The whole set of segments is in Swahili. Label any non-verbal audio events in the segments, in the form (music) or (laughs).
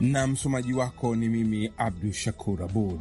na msomaji wako ni mimi Abdu Shakur Abud.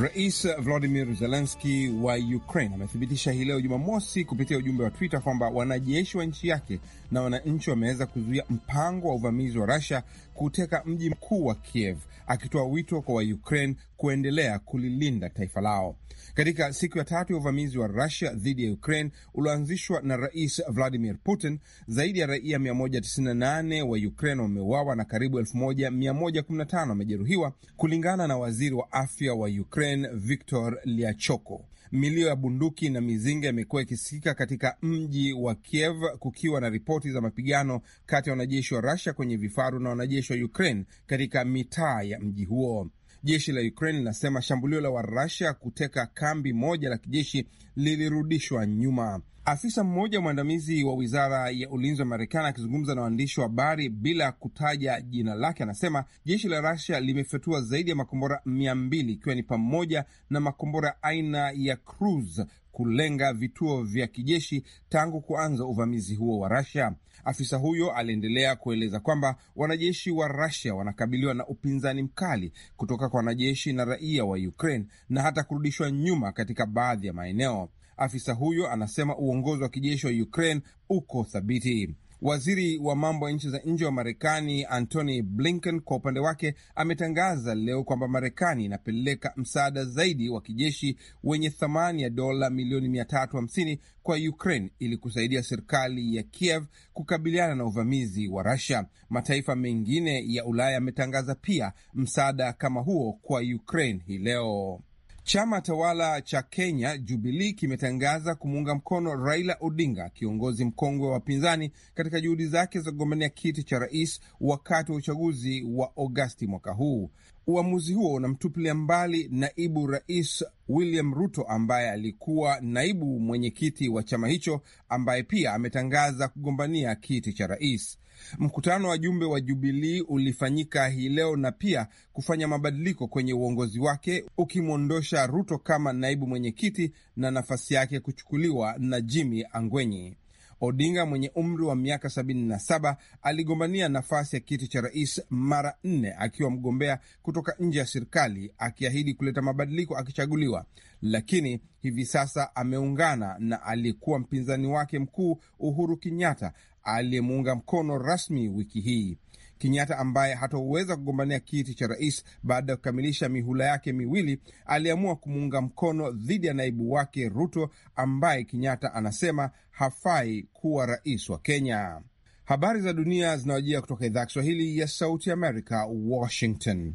Rais Vladimir Zelenski wa Ukraine amethibitisha hii leo Jumamosi kupitia ujumbe wa Twitter kwamba wanajeshi wa nchi yake na wananchi wameweza kuzuia mpango wa uvamizi wa rasia kuteka mji mkuu wa Kiev akitoa wito kwa Waukraine kuendelea kulilinda taifa lao. Katika siku ya tatu ya uvamizi wa Rusia dhidi ya Ukraine ulioanzishwa na Rais Vladimir Putin, zaidi ya raia 198 wa Ukraine wameuawa na karibu 1115 wamejeruhiwa, kulingana na waziri wa afya wa Ukraine Viktor Liachoko. Milio ya bunduki na mizinga imekuwa ikisikika katika mji wa Kiev kukiwa na ripoti za mapigano kati ya wanajeshi wa Rusia kwenye vifaru na wanajeshi wa Ukraine katika mitaa ya mji huo. Jeshi la Ukraine linasema shambulio la Warusia kuteka kambi moja la kijeshi lilirudishwa nyuma. Afisa mmoja mwandamizi wa wizara ya ulinzi wa Marekani akizungumza na waandishi wa habari bila kutaja jina lake, anasema jeshi la Rusia limefyatua zaidi ya makombora mia mbili ikiwa ni pamoja na makombora aina ya cruise kulenga vituo vya kijeshi tangu kuanza uvamizi huo wa Rasia. Afisa huyo aliendelea kueleza kwamba wanajeshi wa Rasia wanakabiliwa na upinzani mkali kutoka kwa wanajeshi na raia wa Ukraine na hata kurudishwa nyuma katika baadhi ya maeneo. Afisa huyo anasema uongozi wa kijeshi wa Ukraine uko thabiti. Waziri wa mambo ya nchi za nje wa Marekani Antony Blinken kwa upande wake ametangaza leo kwamba Marekani inapeleka msaada zaidi wa kijeshi wenye thamani ya dola milioni 350 kwa Ukraine ili kusaidia serikali ya Kiev kukabiliana na uvamizi wa Russia. Mataifa mengine ya Ulaya yametangaza pia msaada kama huo kwa Ukraine hii leo. Chama tawala cha Kenya Jubilii kimetangaza kumuunga mkono Raila Odinga, kiongozi mkongwe wa wapinzani, katika juhudi zake za kugombania kiti cha rais wakati wa uchaguzi wa Agosti mwaka huu. Uamuzi huo unamtupilia mbali naibu rais William Ruto ambaye alikuwa naibu mwenyekiti wa chama hicho, ambaye pia ametangaza kugombania kiti cha rais. Mkutano wa jumbe wa Jubilii ulifanyika hii leo na pia kufanya mabadiliko kwenye uongozi wake ukimwondosha Ruto kama naibu mwenyekiti na nafasi yake kuchukuliwa na Jimmy Angwenyi. Odinga mwenye umri wa miaka 77 aligombania nafasi ya kiti cha rais mara nne akiwa mgombea kutoka nje ya serikali akiahidi kuleta mabadiliko akichaguliwa, lakini hivi sasa ameungana na aliyekuwa mpinzani wake mkuu Uhuru Kenyatta aliyemuunga mkono rasmi wiki hii. Kenyatta ambaye hatoweza kugombania kiti cha rais baada ya kukamilisha mihula yake miwili aliamua kumuunga mkono dhidi ya naibu wake Ruto ambaye Kenyatta anasema hafai kuwa rais wa Kenya. Habari za dunia zinawajia kutoka idhaa ya Kiswahili ya Sauti Amerika, Washington.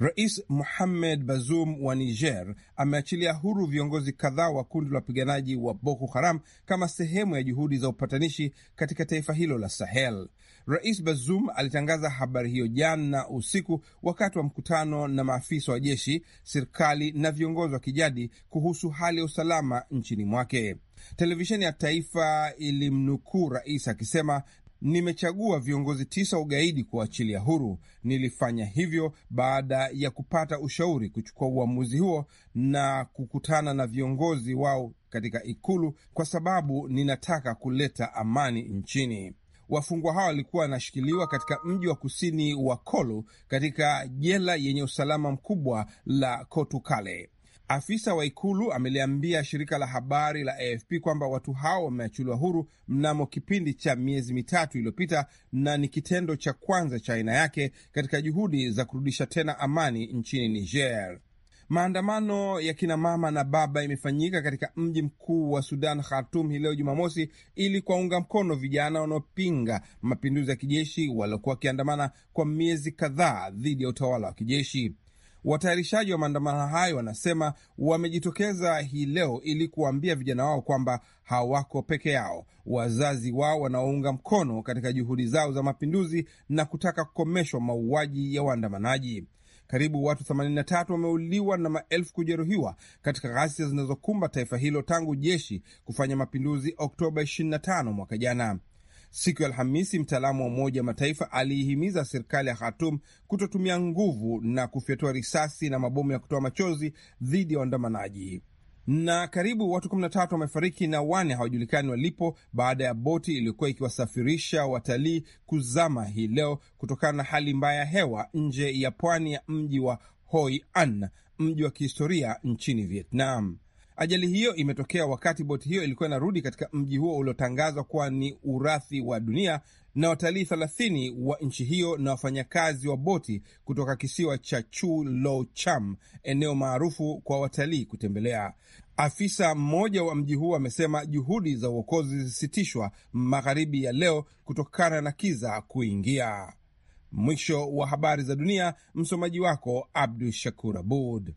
Rais Mohamed Bazoum wa Niger ameachilia huru viongozi kadhaa wa kundi la wapiganaji wa Boko Haram kama sehemu ya juhudi za upatanishi katika taifa hilo la Sahel. Rais Bazoum alitangaza habari hiyo jana usiku wakati wa mkutano na maafisa wa jeshi, serikali na viongozi wa kijadi kuhusu hali ya usalama nchini mwake. Televisheni ya taifa ilimnukuu rais akisema Nimechagua viongozi tisa wa ugaidi kuachilia huru. Nilifanya hivyo baada ya kupata ushauri kuchukua uamuzi huo na kukutana na viongozi wao katika Ikulu kwa sababu ninataka kuleta amani nchini. Wafungwa hao walikuwa wanashikiliwa katika mji wa kusini wa Kolu katika jela yenye usalama mkubwa la Kotukale. Afisa wa ikulu ameliambia shirika la habari la AFP kwamba watu hao wameachiliwa huru mnamo kipindi cha miezi mitatu iliyopita na ni kitendo cha kwanza cha aina yake katika juhudi za kurudisha tena amani nchini Niger. Maandamano ya kinamama na baba imefanyika katika mji mkuu wa Sudan, Khartum, hii leo Jumamosi, ili kuwaunga mkono vijana wanaopinga mapinduzi ya kijeshi waliokuwa wakiandamana kwa miezi kadhaa dhidi ya utawala wa kijeshi. Watayarishaji wa maandamano hayo wanasema wamejitokeza hii leo ili kuwaambia vijana wao kwamba hawako peke yao, wazazi wao wanaounga mkono katika juhudi zao za mapinduzi na kutaka kukomeshwa mauaji ya waandamanaji. Karibu watu 83 wameuliwa na maelfu kujeruhiwa katika ghasia zinazokumba taifa hilo tangu jeshi kufanya mapinduzi Oktoba 25 mwaka jana. Siku ya Alhamisi, mtaalamu wa Umoja Mataifa aliihimiza serikali ya Khartoum kutotumia nguvu na kufyatua risasi na mabomu ya kutoa machozi dhidi ya waandamanaji. Na karibu watu 13 wamefariki na wane hawajulikani walipo baada ya boti iliyokuwa ikiwasafirisha watalii kuzama hii leo kutokana na hali mbaya ya hewa nje ya pwani ya mji wa Hoi An, mji wa kihistoria nchini Vietnam. Ajali hiyo imetokea wakati boti hiyo ilikuwa inarudi katika mji huo uliotangazwa kuwa ni urathi wa dunia na watalii thelathini wa nchi hiyo na wafanyakazi wa boti kutoka kisiwa cha Chu Lo Cham, eneo maarufu kwa watalii kutembelea. Afisa mmoja wa mji huo amesema juhudi za uokozi zilisitishwa magharibi ya leo kutokana na kiza kuingia. Mwisho wa habari za dunia. Msomaji wako Abdu Shakur Abud.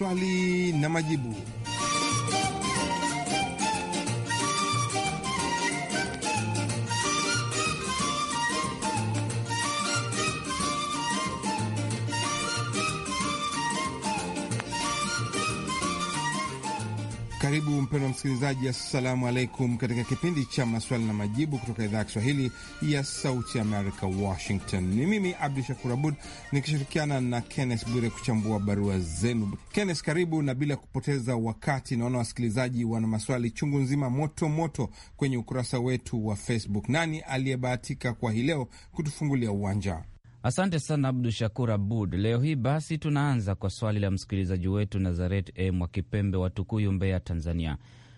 maswali na majibu. Karibu mpendwa msikilizaji, assalamu alaikum, katika kipindi cha maswali na majibu kutoka idhaa ya Kiswahili ya Sauti Amerika, Washington. Ni mimi Abdu Shakur Abud nikishirikiana na Kennes Bure kuchambua barua zenu. Kennes, karibu. Na bila kupoteza wakati, naona wasikilizaji wana maswali chungu nzima moto moto kwenye ukurasa wetu wa Facebook. Nani aliyebahatika kwa hii leo kutufungulia uwanja? Asante sana Abdu Shakur Abud. Leo hii basi tunaanza kwa swali la msikilizaji wetu Nazaret E kipembe wa Tukuyu, Mbeya, Tanzania.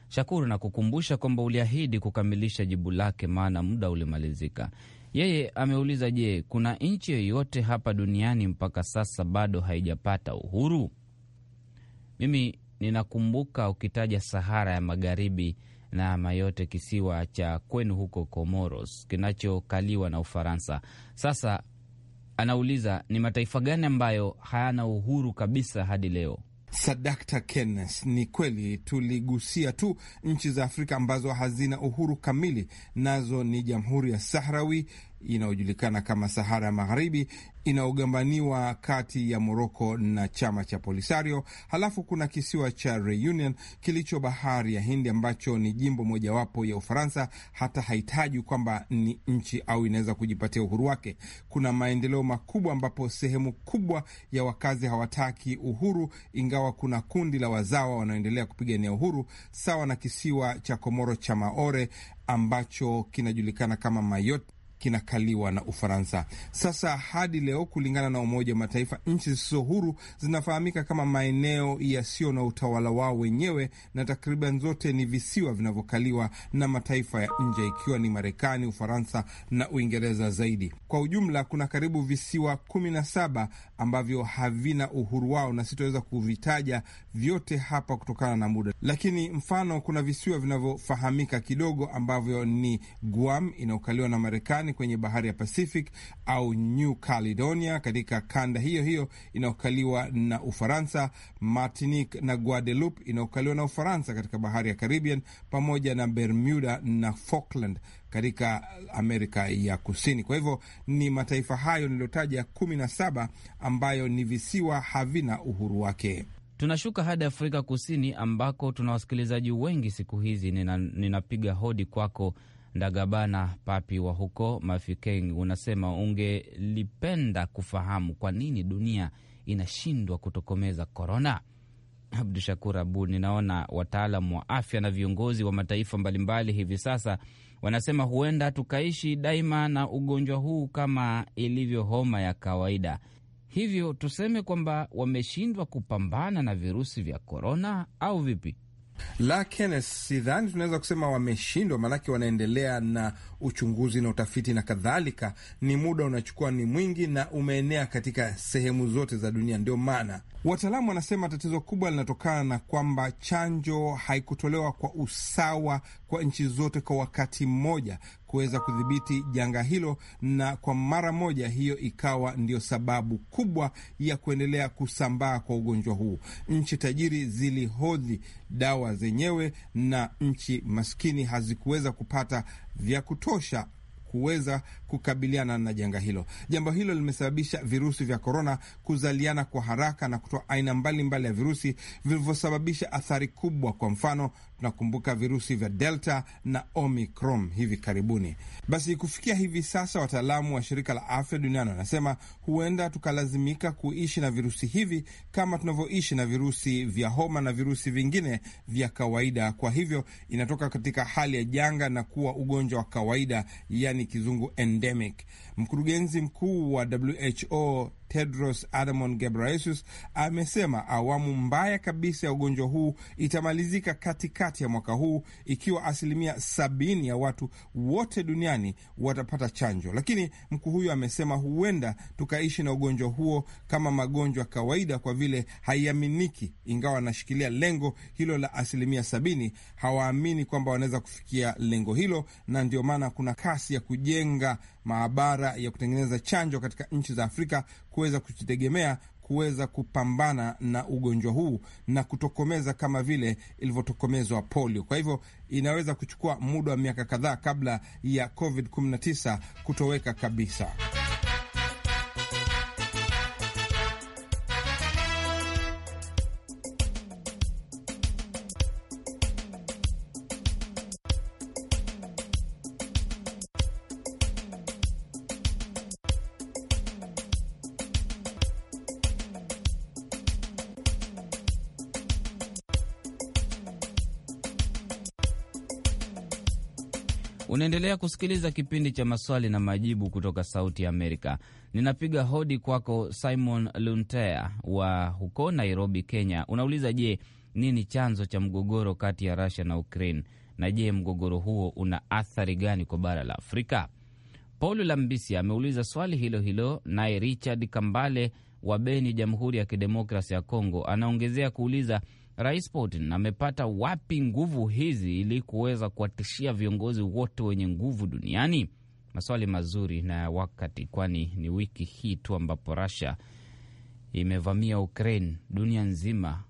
Shakuru, nakukumbusha kwamba uliahidi kukamilisha jibu lake, maana muda ulimalizika. Yeye ameuliza, je, kuna nchi yoyote hapa duniani mpaka sasa bado haijapata uhuru? Mimi ninakumbuka ukitaja Sahara ya Magharibi na Mayote, kisiwa cha kwenu huko Comoros kinachokaliwa na Ufaransa. Sasa Anauliza ni mataifa gani ambayo hayana uhuru kabisa hadi leo. Sadakta Kennes, ni kweli tuligusia tu nchi za Afrika ambazo hazina uhuru kamili, nazo ni Jamhuri ya Sahrawi, inayojulikana kama Sahara ya Magharibi inayogambaniwa kati ya Moroko na chama cha Polisario. Halafu kuna kisiwa cha Reunion kilicho bahari ya Hindi ambacho ni jimbo mojawapo ya Ufaransa, hata hahitaji kwamba ni nchi au inaweza kujipatia uhuru wake. Kuna maendeleo makubwa ambapo sehemu kubwa ya wakazi hawataki uhuru, ingawa kuna kundi la wazawa wanaoendelea kupigania uhuru, sawa na kisiwa cha Komoro cha Maore ambacho kinajulikana kama Mayotte kinakaliwa na Ufaransa. Sasa hadi leo, kulingana na Umoja wa Mataifa, nchi zisizo huru zinafahamika kama maeneo yasiyo na utawala wao wenyewe, na takriban zote ni visiwa vinavyokaliwa na mataifa ya nje, ikiwa ni Marekani, Ufaransa na Uingereza zaidi. Kwa ujumla, kuna karibu visiwa kumi na saba ambavyo havina uhuru wao, na sitoweza kuvitaja vyote hapa kutokana na muda, lakini mfano kuna visiwa vinavyofahamika kidogo ambavyo ni Guam inayokaliwa na Marekani Marekani kwenye bahari ya Pacific au New Caledonia katika kanda hiyo hiyo inayokaliwa na Ufaransa, Martinique na Guadeloupe inayokaliwa na Ufaransa katika bahari ya Caribbean, pamoja na Bermuda na Falkland katika Amerika ya Kusini. Kwa hivyo ni mataifa hayo niliyotaja kumi na saba ambayo ni visiwa havina uhuru wake. Tunashuka hadi Afrika Kusini ambako tuna wasikilizaji wengi siku hizi. Nina, ninapiga hodi kwako Ndagabana Papi wa huko Mafikeng unasema ungelipenda kufahamu kwa nini dunia inashindwa kutokomeza korona. Abdu Shakur abu ninaona wataalam wa afya na viongozi wa mataifa mbalimbali hivi sasa wanasema huenda tukaishi daima na ugonjwa huu kama ilivyo homa ya kawaida. Hivyo tuseme kwamba wameshindwa kupambana na virusi vya korona au vipi? la Kenneth, sidhani tunaweza kusema wameshindwa, maanake wanaendelea na uchunguzi na utafiti na kadhalika. Ni muda unachukua ni mwingi na umeenea katika sehemu zote za dunia. Ndio maana wataalamu wanasema tatizo kubwa linatokana na kwamba chanjo haikutolewa kwa usawa kwa nchi zote kwa wakati mmoja kuweza kudhibiti janga hilo, na kwa mara moja hiyo ikawa ndio sababu kubwa ya kuendelea kusambaa kwa ugonjwa huu. Nchi tajiri zilihodhi dawa zenyewe na nchi maskini hazikuweza kupata vya kutosha kuweza kukabiliana na janga hilo. Jambo hilo limesababisha virusi vya korona kuzaliana kwa haraka na kutoa aina mbalimbali mbali ya virusi vilivyosababisha athari kubwa. Kwa mfano, tunakumbuka virusi vya Delta na Omicron hivi karibuni. Basi kufikia hivi sasa, wataalamu wa shirika la afya duniani wanasema huenda tukalazimika kuishi na virusi hivi kama tunavyoishi na virusi vya homa na virusi vingine vya kawaida. Kwa hivyo inatoka katika hali ya janga na kuwa ugonjwa wa kawaida, yani kizungu end pandemic Mkurugenzi mkuu wa WHO Tedros Adhanom Ghebreyesus amesema awamu mbaya kabisa ya ugonjwa huu itamalizika katikati ya mwaka huu ikiwa asilimia sabini ya watu wote duniani watapata chanjo, lakini mkuu huyo amesema huenda tukaishi na ugonjwa huo kama magonjwa kawaida, kwa vile haiaminiki. Ingawa anashikilia lengo hilo la asilimia sabini, hawaamini kwamba wanaweza kufikia lengo hilo, na ndio maana kuna kasi ya kujenga maabara biashara ya kutengeneza chanjo katika nchi za Afrika kuweza kujitegemea kuweza kupambana na ugonjwa huu na kutokomeza kama vile ilivyotokomezwa polio. Kwa hivyo inaweza kuchukua muda wa miaka kadhaa kabla ya COVID-19 kutoweka kabisa. Unaendelea kusikiliza kipindi cha maswali na majibu kutoka Sauti ya Amerika. Ninapiga hodi kwako Simon Luntea wa huko Nairobi, Kenya. Unauliza, je, nini chanzo cha mgogoro kati ya rasia na Ukraine, na je, mgogoro huo una athari gani kwa bara la Afrika? Paul Lambisi ameuliza swali hilo hilo, naye Richard Kambale wa Beni, Jamhuri ya Kidemokrasi ya Kongo, anaongezea kuuliza Rais Putin amepata wapi nguvu hizi ili kuweza kuwatishia viongozi wote wenye nguvu duniani? Maswali mazuri na ya wakati, kwani ni wiki hii tu ambapo Russia imevamia Ukraine, dunia nzima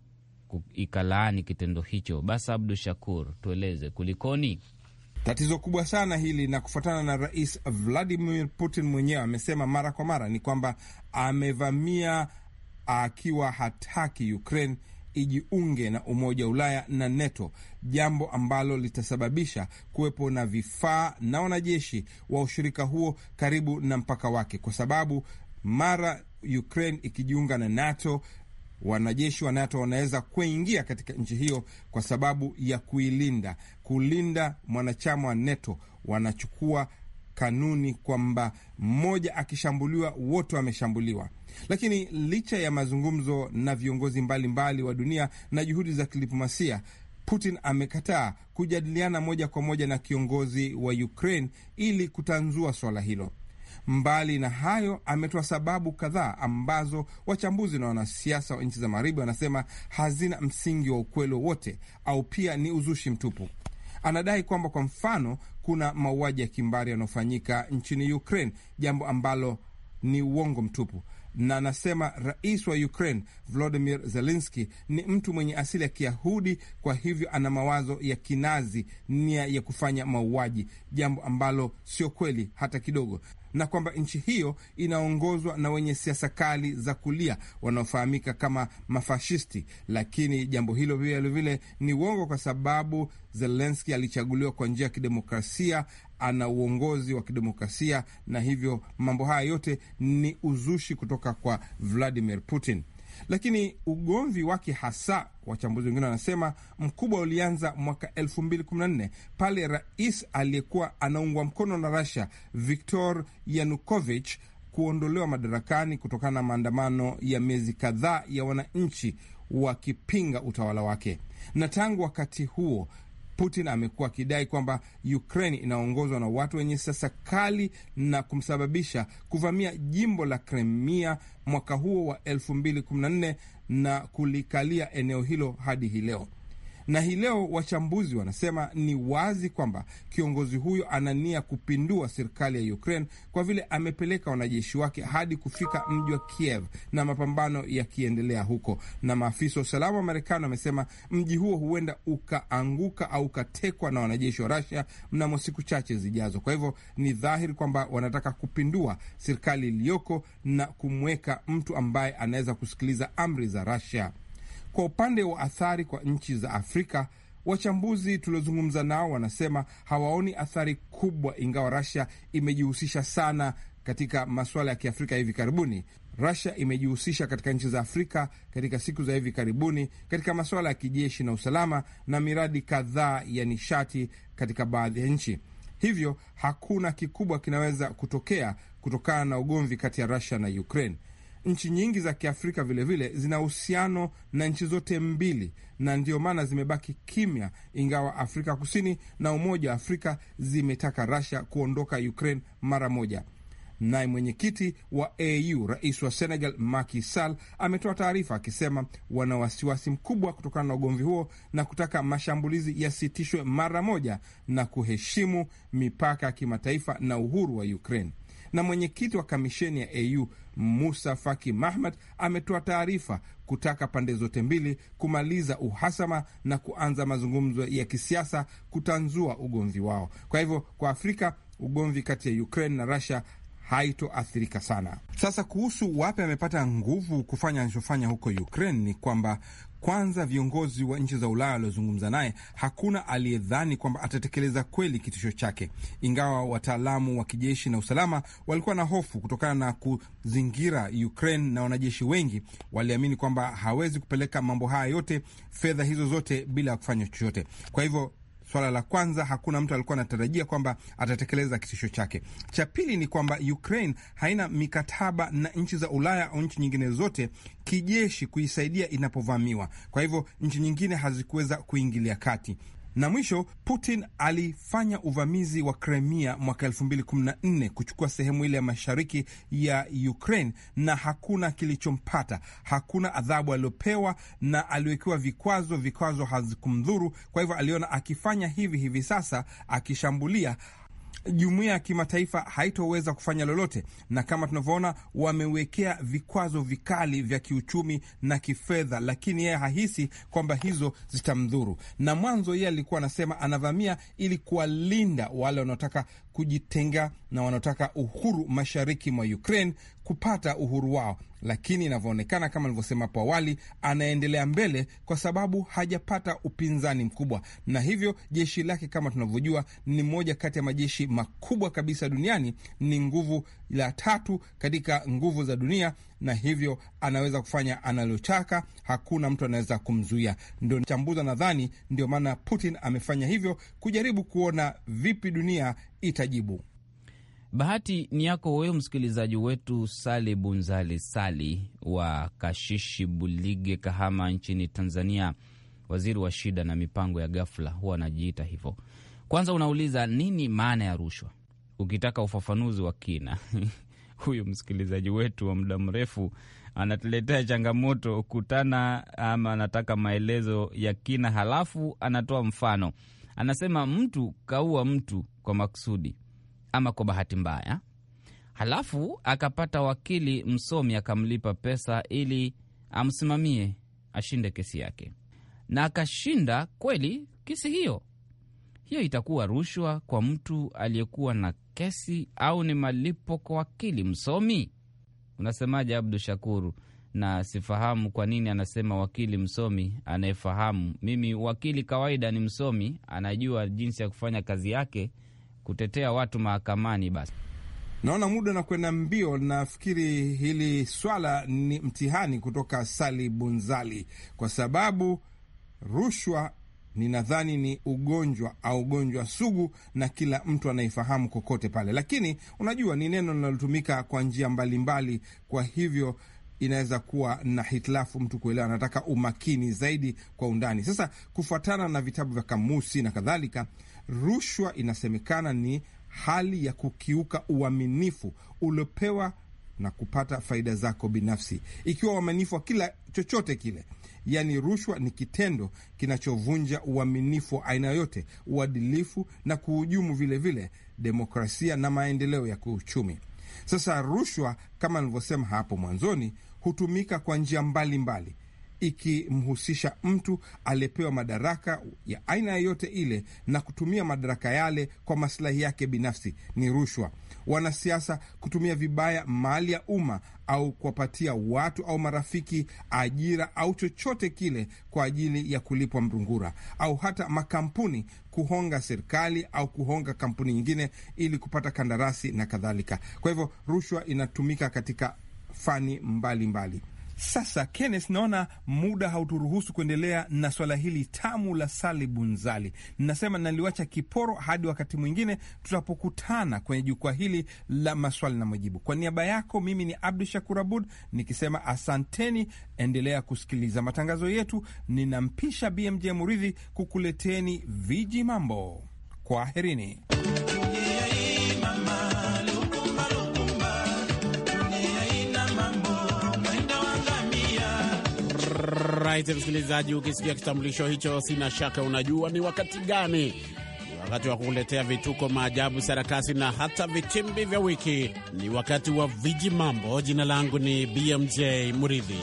ikalaani kitendo hicho. Basi Abdu Shakur, tueleze kulikoni? Tatizo kubwa sana hili na kufuatana na Rais Vladimir Putin mwenyewe amesema mara kwa mara ni kwamba amevamia akiwa hataki Ukraine ijiunge na Umoja wa Ulaya na NATO, jambo ambalo litasababisha kuwepo na vifaa na wanajeshi wa ushirika huo karibu na mpaka wake, kwa sababu mara Ukraine ikijiunga na NATO, wanajeshi wa NATO wanaweza kuingia katika nchi hiyo kwa sababu ya kuilinda, kulinda mwanachama wa NATO. Wanachukua kanuni kwamba mmoja akishambuliwa, wote wameshambuliwa. Lakini licha ya mazungumzo na viongozi mbalimbali mbali wa dunia na juhudi za kidiplomasia, Putin amekataa kujadiliana moja kwa moja na kiongozi wa Ukraine ili kutanzua swala hilo. Mbali na hayo, ametoa sababu kadhaa ambazo wachambuzi na wanasiasa wa nchi za Magharibi wanasema hazina msingi wa ukweli wowote au pia ni uzushi mtupu. Anadai kwamba kwa mfano, kuna mauaji ya kimbari yanayofanyika nchini Ukraine, jambo ambalo ni uongo mtupu na anasema rais wa Ukraine Volodymyr Zelensky ni mtu mwenye asili ya Kiyahudi, kwa hivyo ana mawazo ya kinazi, nia ya kufanya mauaji, jambo ambalo sio kweli hata kidogo, na kwamba nchi hiyo inaongozwa na wenye siasa kali za kulia wanaofahamika kama mafashisti. Lakini jambo hilo vilevile ni uongo, kwa sababu Zelensky alichaguliwa kwa njia ya kidemokrasia ana uongozi wa kidemokrasia, na hivyo mambo haya yote ni uzushi kutoka kwa Vladimir Putin. Lakini ugomvi wake hasa, wachambuzi wengine wanasema mkubwa, ulianza mwaka 2014 pale rais aliyekuwa anaungwa mkono na Russia Viktor yanukovich kuondolewa madarakani kutokana na maandamano ya miezi kadhaa ya wananchi wakipinga utawala wake, na tangu wakati huo Putin amekuwa akidai kwamba Ukraine inaongozwa na watu wenye siasa kali na kumsababisha kuvamia jimbo la Crimea mwaka huo wa 2014 na kulikalia eneo hilo hadi hii leo na hii leo wachambuzi wanasema ni wazi kwamba kiongozi huyo ana nia kupindua serikali ya Ukraine kwa vile amepeleka wanajeshi wake hadi kufika mji wa Kiev na mapambano yakiendelea huko. Na maafisa wa usalama wa Marekani wamesema mji huo huenda ukaanguka au ukatekwa na wanajeshi wa rasia mnamo siku chache zijazo. Kwa hivyo ni dhahiri kwamba wanataka kupindua serikali iliyoko na kumweka mtu ambaye anaweza kusikiliza amri za rasia kwa upande wa athari kwa nchi za Afrika, wachambuzi tuliozungumza nao wanasema hawaoni athari kubwa, ingawa Russia imejihusisha sana katika masuala ya kiafrika hivi karibuni. Russia imejihusisha katika nchi za Afrika katika siku za hivi karibuni katika masuala ya kijeshi na usalama na miradi kadhaa ya nishati katika baadhi ya nchi. Hivyo hakuna kikubwa kinaweza kutokea kutokana na ugomvi kati ya Russia na Ukraine. Nchi nyingi za Kiafrika vilevile zina uhusiano na nchi zote mbili, na ndiyo maana zimebaki kimya, ingawa Afrika Kusini na Umoja wa Afrika zimetaka Russia kuondoka Ukraine mara moja. Naye mwenyekiti wa AU rais wa Senegal Macky Sall ametoa taarifa akisema wana wasiwasi mkubwa kutokana na ugomvi huo na kutaka mashambulizi yasitishwe mara moja na kuheshimu mipaka ya kimataifa na uhuru wa Ukraine na mwenyekiti wa kamisheni ya AU Musa Faki Mahmad ametoa taarifa kutaka pande zote mbili kumaliza uhasama na kuanza mazungumzo ya kisiasa kutanzua ugomvi wao. Kwa hivyo, kwa Afrika ugomvi kati ya Ukraine na Russia haitoathirika sana. Sasa kuhusu wapi amepata nguvu kufanya anachofanya huko Ukraine, ni kwamba kwanza viongozi wa nchi za Ulaya waliozungumza naye, hakuna aliyedhani kwamba atatekeleza kweli kitisho chake, ingawa wataalamu wa kijeshi na usalama walikuwa na hofu kutokana na kuzingira Ukraine na wanajeshi wengi waliamini kwamba hawezi kupeleka mambo haya yote, fedha hizo zote, bila ya kufanya chochote. Kwa hivyo Swala la kwanza, hakuna mtu alikuwa anatarajia kwamba atatekeleza kitisho chake. Cha pili ni kwamba Ukraine haina mikataba na nchi za Ulaya au nchi nyingine zote kijeshi kuisaidia inapovamiwa. Kwa hivyo nchi nyingine hazikuweza kuingilia kati. Na mwisho Putin alifanya uvamizi wa Crimea mwaka 2014 kuchukua sehemu ile ya mashariki ya Ukraine, na hakuna kilichompata, hakuna adhabu aliyopewa, na aliwekewa vikwazo. Vikwazo hazikumdhuru, kwa hivyo aliona akifanya hivi hivi sasa akishambulia jumuiya ya kimataifa haitoweza kufanya lolote, na kama tunavyoona wamewekea vikwazo vikali vya kiuchumi na kifedha, lakini yeye hahisi kwamba hizo zitamdhuru. Na mwanzo yeye alikuwa anasema anavamia ili kuwalinda wale wanaotaka kujitenga na wanaotaka uhuru mashariki mwa Ukraine kupata uhuru wao, lakini inavyoonekana, kama alivyosema hapo awali, anaendelea mbele kwa sababu hajapata upinzani mkubwa, na hivyo jeshi lake kama tunavyojua ni moja kati ya majeshi makubwa kabisa duniani, ni nguvu la tatu katika nguvu za dunia na hivyo anaweza kufanya analotaka, hakuna mtu anaweza kumzuia. Ndio chambuza, nadhani ndio maana Putin amefanya hivyo, kujaribu kuona vipi dunia itajibu. Bahati ni yako wewe, msikilizaji wetu. Sali Bunzali Sali wa Kashishi Bulige, Kahama nchini Tanzania, waziri wa shida na mipango ya ghafla, huwa anajiita hivyo. Kwanza unauliza nini maana ya rushwa, ukitaka ufafanuzi wa kina (laughs) (laughs) huyu msikilizaji wetu wa muda mrefu anatuletea changamoto kutana, ama anataka maelezo ya kina, halafu anatoa mfano. Anasema mtu kaua mtu kwa makusudi ama kwa bahati mbaya, halafu akapata wakili msomi akamlipa pesa ili amsimamie ashinde kesi yake, na akashinda kweli kesi hiyo. Hiyo itakuwa rushwa kwa mtu aliyekuwa na kesi au ni malipo kwa wakili msomi? Unasemaje Abdu Shakuru? Na sifahamu kwa nini anasema wakili msomi anayefahamu. Mimi wakili kawaida ni msomi, anajua jinsi ya kufanya kazi yake, kutetea watu mahakamani. Basi naona muda nakwenda mbio. Nafikiri hili swala ni mtihani kutoka Sali Bunzali kwa sababu rushwa ninadhani ni ugonjwa au ugonjwa sugu, na kila mtu anaifahamu kokote pale, lakini unajua ni neno linalotumika kwa njia mbalimbali, kwa hivyo inaweza kuwa na hitilafu mtu kuelewa. Anataka umakini zaidi kwa undani. Sasa, kufuatana na vitabu vya kamusi na kadhalika, rushwa inasemekana ni hali ya kukiuka uaminifu uliopewa na kupata faida zako binafsi, ikiwa uaminifu wa kila chochote kile yaani rushwa ni kitendo kinachovunja uaminifu wa aina yote, uadilifu na kuhujumu vilevile demokrasia na maendeleo ya kiuchumi. Sasa rushwa kama nilivyosema hapo mwanzoni hutumika kwa njia mbalimbali ikimhusisha mtu aliyepewa madaraka ya aina yoyote ile na kutumia madaraka yale kwa maslahi yake binafsi, ni rushwa wanasiasa kutumia vibaya mali ya umma au kuwapatia watu au marafiki ajira au chochote kile kwa ajili ya kulipwa mrungura, au hata makampuni kuhonga serikali au kuhonga kampuni nyingine ili kupata kandarasi na kadhalika. Kwa hivyo rushwa inatumika katika fani mbalimbali mbali. Sasa Kenneth, naona muda hauturuhusu kuendelea na swala hili tamu la salibunzali. Nasema naliwacha kiporo hadi wakati mwingine tutapokutana kwenye jukwaa hili la maswali na majibu. Kwa niaba yako mimi ni Abdu Shakur Abud nikisema asanteni, endelea kusikiliza matangazo yetu. Ninampisha BMJ Muridhi kukuleteni viji mambo. Kwaherini. Alright, msikilizaji, ukisikia kitambulisho hicho, sina shaka unajua ni wakati gani. Ni wakati wa kukuletea vituko, maajabu, sarakasi na hata vitimbi vya wiki. Ni wakati wa viji mambo. Jina langu ni BMJ Muridhi.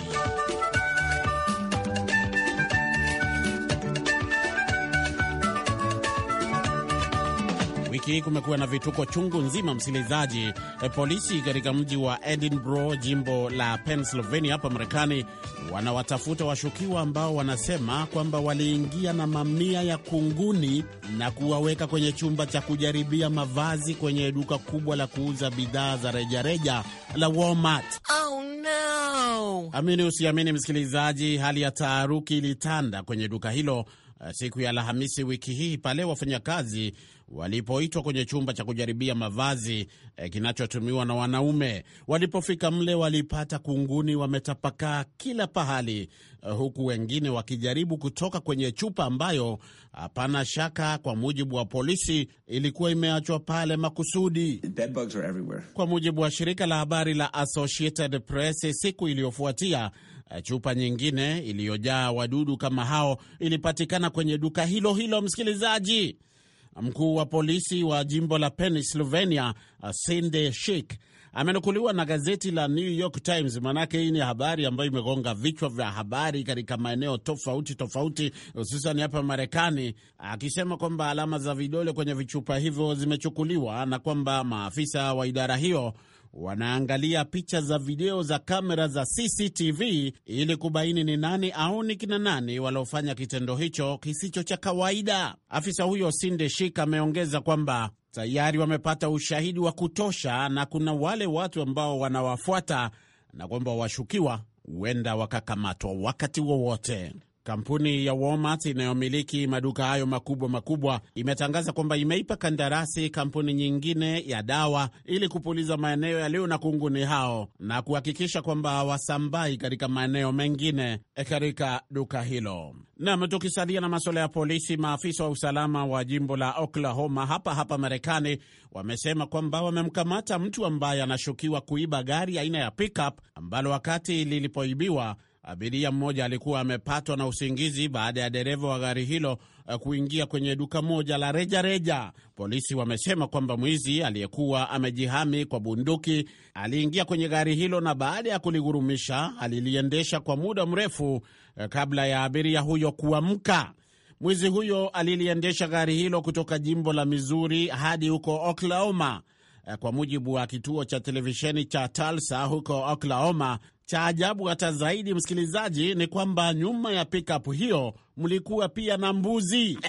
wiki hii kumekuwa na vituko chungu nzima, msikilizaji. E, polisi katika mji wa Edinburgh, jimbo la Pennsylvania hapa Marekani, wanawatafuta washukiwa ambao wanasema kwamba waliingia na mamia ya kunguni na kuwaweka kwenye chumba cha kujaribia mavazi kwenye duka kubwa la kuuza bidhaa za rejareja la Walmart. Oh, no. Amini usiamini, msikilizaji, hali ya taharuki ilitanda kwenye duka hilo eh, siku ya Alhamisi wiki hii pale wafanyakazi walipoitwa kwenye chumba cha kujaribia mavazi eh, kinachotumiwa na wanaume. Walipofika mle, walipata kunguni wametapakaa kila pahali, eh, huku wengine wakijaribu kutoka kwenye chupa ambayo hapana shaka, kwa mujibu wa polisi, ilikuwa imeachwa pale makusudi. Kwa mujibu wa shirika la habari la Associated Press, siku iliyofuatia eh, chupa nyingine iliyojaa wadudu kama hao ilipatikana kwenye duka hilo hilo, msikilizaji. Mkuu wa polisi wa jimbo la Pennsylvania, Sinde uh, Shik, amenukuliwa na gazeti la New York Times. Maanake hii ni habari ambayo imegonga vichwa vya habari katika maeneo tofauti tofauti, hususan hapa Marekani, akisema kwamba alama za vidole kwenye vichupa hivyo zimechukuliwa na kwamba maafisa wa idara hiyo wanaangalia picha za video za kamera za CCTV ili kubaini ni nani au ni kina nani waliofanya kitendo hicho kisicho cha kawaida. Afisa huyo Sinde Shik ameongeza kwamba tayari wamepata ushahidi wa kutosha na kuna wale watu ambao wanawafuata na kwamba washukiwa huenda wakakamatwa wakati wowote. Kampuni ya Walmart inayomiliki maduka hayo makubwa makubwa imetangaza kwamba imeipa kandarasi kampuni nyingine ya dawa ili kupuliza maeneo yaliyo na kunguni hao na kuhakikisha kwamba hawasambai katika maeneo mengine katika duka hilo. Nam, tukisalia na masuala ya polisi, maafisa wa usalama wa jimbo la Oklahoma hapa hapa Marekani wamesema kwamba wamemkamata mtu ambaye anashukiwa kuiba gari aina ya pickup ambalo wakati lilipoibiwa abiria mmoja alikuwa amepatwa na usingizi baada ya dereva wa gari hilo eh, kuingia kwenye duka moja la rejareja reja. Polisi wamesema kwamba mwizi aliyekuwa amejihami kwa bunduki aliingia kwenye gari hilo na baada ya kulighurumisha aliliendesha kwa muda mrefu eh, kabla ya abiria huyo kuamka. Mwizi huyo aliliendesha gari hilo kutoka jimbo la Mizuri hadi huko Oklahoma, eh, kwa mujibu wa kituo cha televisheni cha Tulsa huko Oklahoma cha ajabu hata zaidi, msikilizaji, ni kwamba nyuma ya pikap hiyo mlikuwa pia na mbuzi.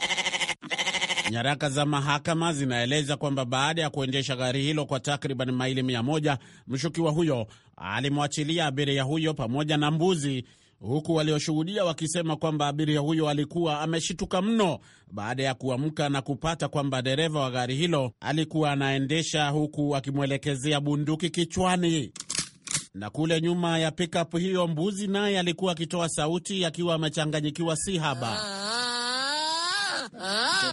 (laughs) Nyaraka za mahakama zinaeleza kwamba baada ya kuendesha gari hilo kwa takriban maili mia moja, mshukiwa huyo alimwachilia abiria huyo pamoja na mbuzi, huku walioshuhudia wakisema kwamba abiria huyo alikuwa ameshituka mno baada ya kuamka na kupata kwamba dereva wa gari hilo alikuwa anaendesha huku akimwelekezea bunduki kichwani. Na kule nyuma ya pikap hiyo mbuzi naye alikuwa akitoa sauti akiwa amechanganyikiwa si haba.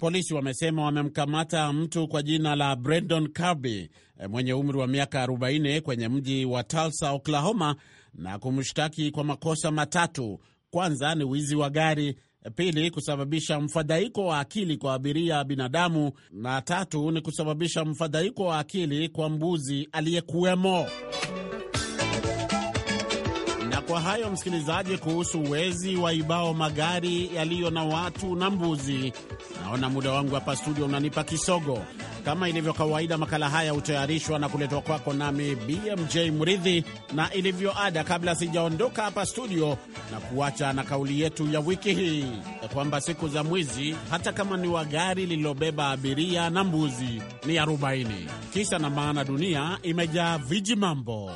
Polisi wamesema wamemkamata mtu kwa jina la Brendon Kirby e, mwenye umri wa miaka 40 kwenye mji wa Tulsa, Oklahoma na kumshtaki kwa makosa matatu. Kwanza ni wizi wa gari, e, pili kusababisha mfadhaiko wa akili kwa abiria binadamu, na tatu ni kusababisha mfadhaiko wa akili kwa mbuzi aliyekuwemo kwa hayo msikilizaji, kuhusu wezi ibao magari yaliyo na watu na mbuzi. Naona muda wangu hapa studio unanipa kisogo. Kama ilivyo kawaida, makala haya hutayarishwa na kuletwa kwako nami BMJ Mridhi, na ilivyo ada, kabla sijaondoka hapa studio na kuacha na kauli yetu ya wiki hii kwamba siku za mwizi, hata kama ni wa gari lililobeba abiria na mbuzi, ni arobaini. Kisa na maana, dunia imejaa viji mambo.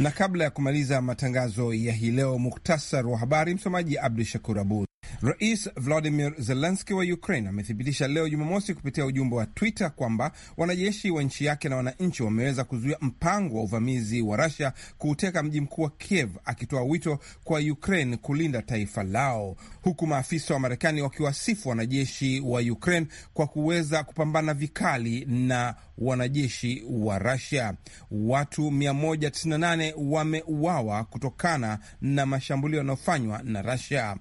Na kabla ya kumaliza matangazo ya hii leo, muktasar wa habari. Msomaji Abdu Shakur Abud. Rais Vladimir Zelenski wa Ukraine amethibitisha leo Jumamosi kupitia ujumbe wa Twitter kwamba wanajeshi wa nchi yake na wananchi wameweza kuzuia mpango wa uvamizi wa rasia kuuteka mji mkuu wa Kiev, akitoa wito kwa Ukraine kulinda taifa lao, huku maafisa wa Marekani wakiwasifu wanajeshi wa Ukraine kwa kuweza kupambana vikali na wanajeshi wa rasia Watu 198 wameuawa kutokana na mashambulio yanayofanywa na rasia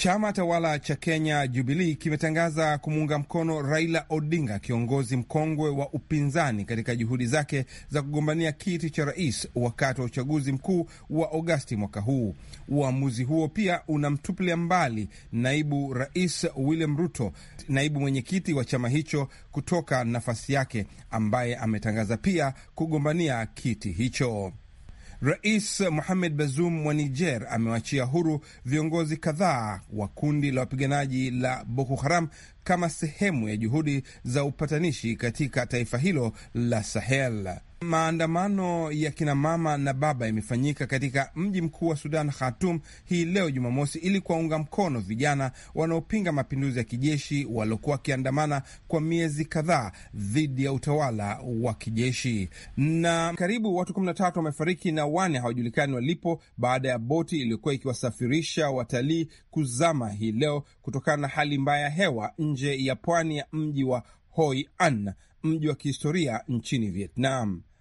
Chama tawala cha Kenya Jubilii kimetangaza kumuunga mkono Raila Odinga, kiongozi mkongwe wa upinzani, katika juhudi zake za kugombania kiti cha rais wakati wa uchaguzi mkuu wa Agosti mwaka huu. Uamuzi huo pia unamtupilia mbali naibu rais William Ruto, naibu mwenyekiti wa chama hicho, kutoka nafasi yake, ambaye ametangaza pia kugombania kiti hicho. Rais Mohamed Bazoum wa Niger amewachia huru viongozi kadhaa wa kundi la wapiganaji la Boko Haram kama sehemu ya juhudi za upatanishi katika taifa hilo la Sahel. Maandamano ya kinamama na baba yamefanyika katika mji mkuu wa Sudan, khatum hii leo Jumamosi, ili kuwaunga mkono vijana wanaopinga mapinduzi ya kijeshi waliokuwa wakiandamana kwa miezi kadhaa dhidi ya utawala wa kijeshi. Na karibu watu 13 wamefariki na wane hawajulikani walipo baada ya boti iliyokuwa ikiwasafirisha watalii kuzama hii leo kutokana na hali mbaya ya hewa nje ya pwani ya mji wa Hoi An, mji wa kihistoria nchini Vietnam.